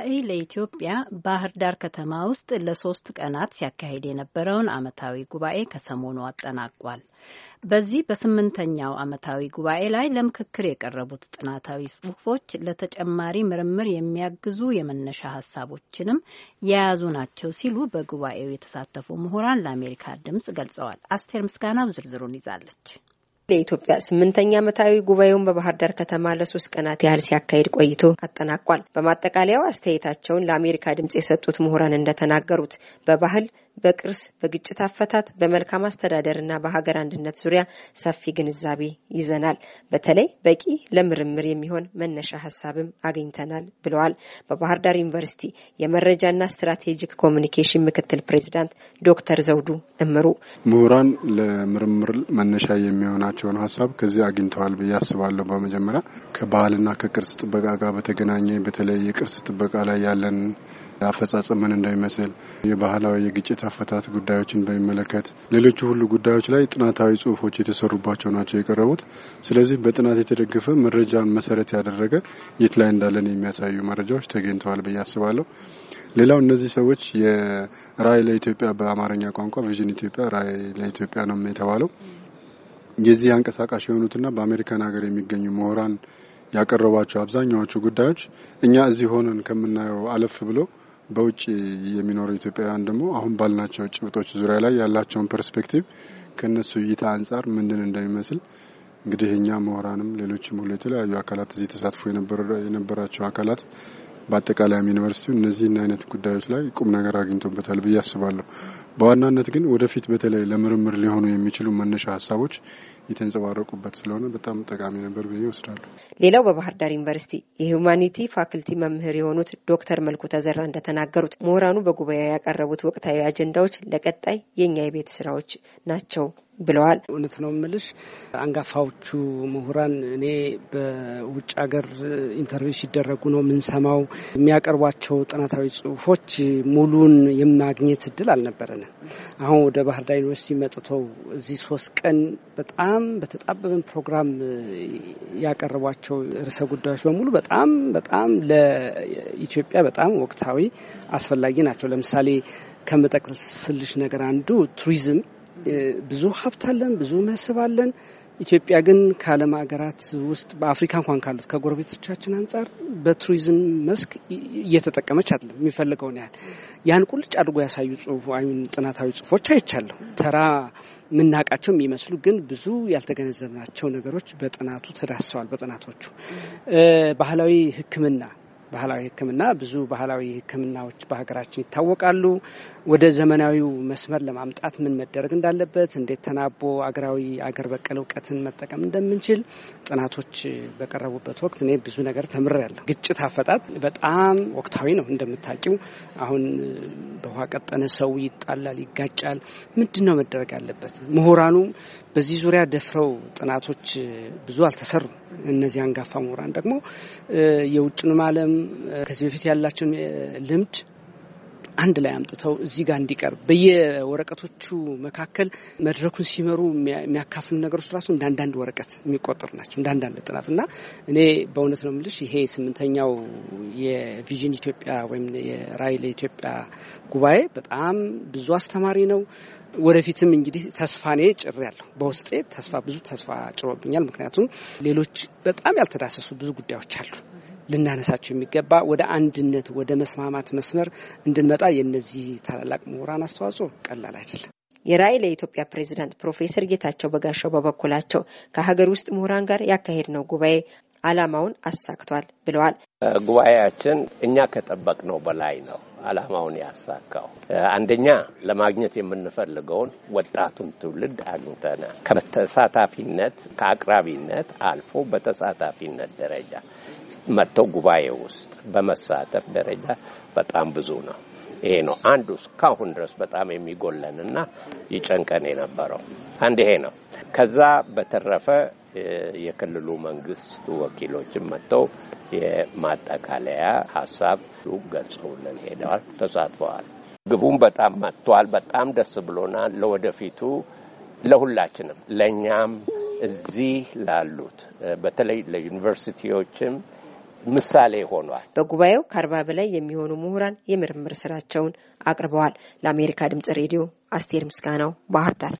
ጉባኤ ለኢትዮጵያ ባህር ዳር ከተማ ውስጥ ለሶስት ቀናት ሲያካሂድ የነበረውን ዓመታዊ ጉባኤ ከሰሞኑ አጠናቋል። በዚህ በስምንተኛው ዓመታዊ ጉባኤ ላይ ለምክክር የቀረቡት ጥናታዊ ጽሑፎች ለተጨማሪ ምርምር የሚያግዙ የመነሻ ሀሳቦችንም የያዙ ናቸው ሲሉ በጉባኤው የተሳተፉ ምሁራን ለአሜሪካ ድምጽ ገልጸዋል። አስቴር ምስጋናው ዝርዝሩን ይዛለች። ለኢትዮጵያ ስምንተኛ ዓመታዊ ጉባኤውን በባህር ዳር ከተማ ለሶስት ቀናት ያህል ሲያካሂድ ቆይቶ አጠናቋል። በማጠቃለያው አስተያየታቸውን ለአሜሪካ ድምጽ የሰጡት ምሁራን እንደተናገሩት በባህል በቅርስ፣ በግጭት አፈታት፣ በመልካም አስተዳደር እና በሀገር አንድነት ዙሪያ ሰፊ ግንዛቤ ይዘናል። በተለይ በቂ ለምርምር የሚሆን መነሻ ሀሳብም አግኝተናል ብለዋል። በባህር ዳር ዩኒቨርሲቲ የመረጃና ስትራቴጂክ ኮሚኒኬሽን ምክትል ፕሬዚዳንት ዶክተር ዘውዱ እምሩ ምሁራን ለምርምር መነሻ የሚሆናቸውን ሀሳብ ከዚህ አግኝተዋል ብዬ አስባለሁ። በመጀመሪያ ከባህልና ከቅርስ ጥበቃ ጋር በተገናኘ በተለይ የቅርስ ጥበቃ ላይ ያለን አፈጻጸም ምን እንደሚመስል፣ የባህላዊ የግጭት አፈታት ጉዳዮችን በሚመለከት ሌሎቹ ሁሉ ጉዳዮች ላይ ጥናታዊ ጽሁፎች የተሰሩባቸው ናቸው የቀረቡት። ስለዚህ በጥናት የተደገፈ መረጃን መሰረት ያደረገ የት ላይ እንዳለን የሚያሳዩ መረጃዎች ተገኝተዋል ብዬ አስባለሁ። ሌላው እነዚህ ሰዎች የራዕይ ለኢትዮጵያ በአማርኛ ቋንቋ ቪዥን ኢትዮጵያ ራይ ለኢትዮጵያ ነው የተባለው የዚህ አንቀሳቃሽ የሆኑትና በአሜሪካን ሀገር የሚገኙ ምሁራን ያቀረቧቸው አብዛኛዎቹ ጉዳዮች እኛ እዚህ ሆነን ከምናየው አለፍ ብሎ በውጭ የሚኖሩ ኢትዮጵያውያን ደግሞ አሁን ባልናቸው ጭብጦች ዙሪያ ላይ ያላቸውን ፐርስፔክቲቭ ከእነሱ እይታ አንጻር ምንድን እንደሚመስል እንግዲህ እኛ ምሁራንም ሌሎችም ሁሉ የተለያዩ አካላት እዚህ ተሳትፎ የነበራቸው አካላት በአጠቃላይም ዩኒቨርሲቲው እነዚህን አይነት ጉዳዮች ላይ ቁም ነገር አግኝቶበታል ብዬ አስባለሁ። በዋናነት ግን ወደፊት በተለይ ለምርምር ሊሆኑ የሚችሉ መነሻ ሀሳቦች የተንጸባረቁበት ስለሆነ በጣም ጠቃሚ ነበር ብዬ ይወስዳሉ። ሌላው በባህር ዳር ዩኒቨርሲቲ የሁማኒቲ ፋክልቲ መምህር የሆኑት ዶክተር መልኩ ተዘራ እንደተናገሩት ምሁራኑ በጉባኤ ያቀረቡት ወቅታዊ አጀንዳዎች ለቀጣይ የእኛ የቤት ስራዎች ናቸው ብለዋል። እውነት ነው ምልሽ አንጋፋዎቹ ምሁራን እኔ በውጭ ሀገር ኢንተርቪው ሲደረጉ ነው የምንሰማው። የሚያቀርቧቸው ጥናታዊ ጽሁፎች ሙሉን የማግኘት እድል አልነበረ ሆነ። አሁን ወደ ባህር ዳር ዩኒቨርሲቲ መጥተው እዚህ ሶስት ቀን በጣም በተጣበበን ፕሮግራም ያቀረቧቸው ርዕሰ ጉዳዮች በሙሉ በጣም በጣም ለኢትዮጵያ በጣም ወቅታዊ አስፈላጊ ናቸው። ለምሳሌ ከምጠቅስልሽ ነገር አንዱ ቱሪዝም ብዙ ሀብት አለን፣ ብዙ መስህብ አለን። ኢትዮጵያ ግን ከዓለም ሀገራት ውስጥ በአፍሪካ እንኳን ካሉት ከጎረቤቶቻችን አንጻር በቱሪዝም መስክ እየተጠቀመች አይደለም የሚፈልገውን ያህል። ያን ቁልጭ አድርጎ ያሳዩ ጽሁፍ ጥናታዊ ጽሁፎች አይቻለሁ። ተራ የምናውቃቸው የሚመስሉ ግን ብዙ ያልተገነዘብናቸው ነገሮች በጥናቱ ተዳስሰዋል። በጥናቶቹ ባህላዊ ሕክምና ባህላዊ ሕክምና ብዙ ባህላዊ ሕክምናዎች በሀገራችን ይታወቃሉ። ወደ ዘመናዊው መስመር ለማምጣት ምን መደረግ እንዳለበት፣ እንዴት ተናቦ አገራዊ አገር በቀል እውቀትን መጠቀም እንደምንችል ጥናቶች በቀረቡበት ወቅት እኔ ብዙ ነገር ተምሬያለሁ። ግጭት አፈጣጥ በጣም ወቅታዊ ነው እንደምታውቂው። አሁን በውሃ ቀጠነ ሰው ይጣላል፣ ይጋጫል። ምንድን ነው መደረግ ያለበት? ምሁራኑ በዚህ ዙሪያ ደፍረው ጥናቶች ብዙ አልተሰሩም። እነዚህ አንጋፋ ምሁራን ደግሞ የውጭንም ዓለም ከዚህ በፊት ያላቸውን ልምድ አንድ ላይ አምጥተው እዚህ ጋር እንዲቀርብ በየወረቀቶቹ መካከል መድረኩን ሲመሩ የሚያካፍሉ ነገሮች ራሱ እንዳንዳንድ ወረቀት የሚቆጠሩ ናቸው፣ እንዳንዳንድ ጥናት እና እኔ በእውነት ነው የምልሽ ይሄ ስምንተኛው የቪዥን ኢትዮጵያ ወይም የራዕይ ለኢትዮጵያ ጉባኤ በጣም ብዙ አስተማሪ ነው። ወደፊትም እንግዲህ ተስፋ እኔ ጭር ያለሁ በውስጤ ተስፋ ብዙ ተስፋ ጭሮብኛል። ምክንያቱም ሌሎች በጣም ያልተዳሰሱ ብዙ ጉዳዮች አሉ። ልናነሳቸው የሚገባ ወደ አንድነት፣ ወደ መስማማት መስመር እንድንመጣ የእነዚህ ታላላቅ ምሁራን አስተዋጽኦ ቀላል አይደለም። የራዕይ ለኢትዮጵያ ፕሬዚዳንት ፕሮፌሰር ጌታቸው በጋሻው በበኩላቸው ከሀገር ውስጥ ምሁራን ጋር ያካሄድ ነው ጉባኤ አላማውን አሳክቷል ብለዋል። ጉባኤያችን እኛ ከጠበቅነው በላይ ነው አላማውን ያሳካው። አንደኛ ለማግኘት የምንፈልገውን ወጣቱን ትውልድ አግኝተናል። ከተሳታፊነት ከአቅራቢነት አልፎ በተሳታፊነት ደረጃ መጥተው ጉባኤ ውስጥ በመሳተፍ ደረጃ በጣም ብዙ ነው። ይሄ ነው አንዱ እስካሁን ድረስ በጣም የሚጎለንና ይጨንቀን የነበረው አንድ ይሄ ነው። ከዛ በተረፈ የክልሉ መንግስት ወኪሎችም መጥተው የማጠቃለያ ሀሳብ ገልጸውልን ሄደዋል፣ ተሳትፈዋል። ግቡም በጣም መጥተዋል። በጣም ደስ ብሎናል። ለወደፊቱ ለሁላችንም ለእኛም እዚህ ላሉት በተለይ ለዩኒቨርሲቲዎችም ምሳሌ ሆኗል። በጉባኤው ከአርባ በላይ የሚሆኑ ምሁራን የምርምር ስራቸውን አቅርበዋል። ለአሜሪካ ድምጽ ሬዲዮ አስቴር ምስጋናው ባህር ዳር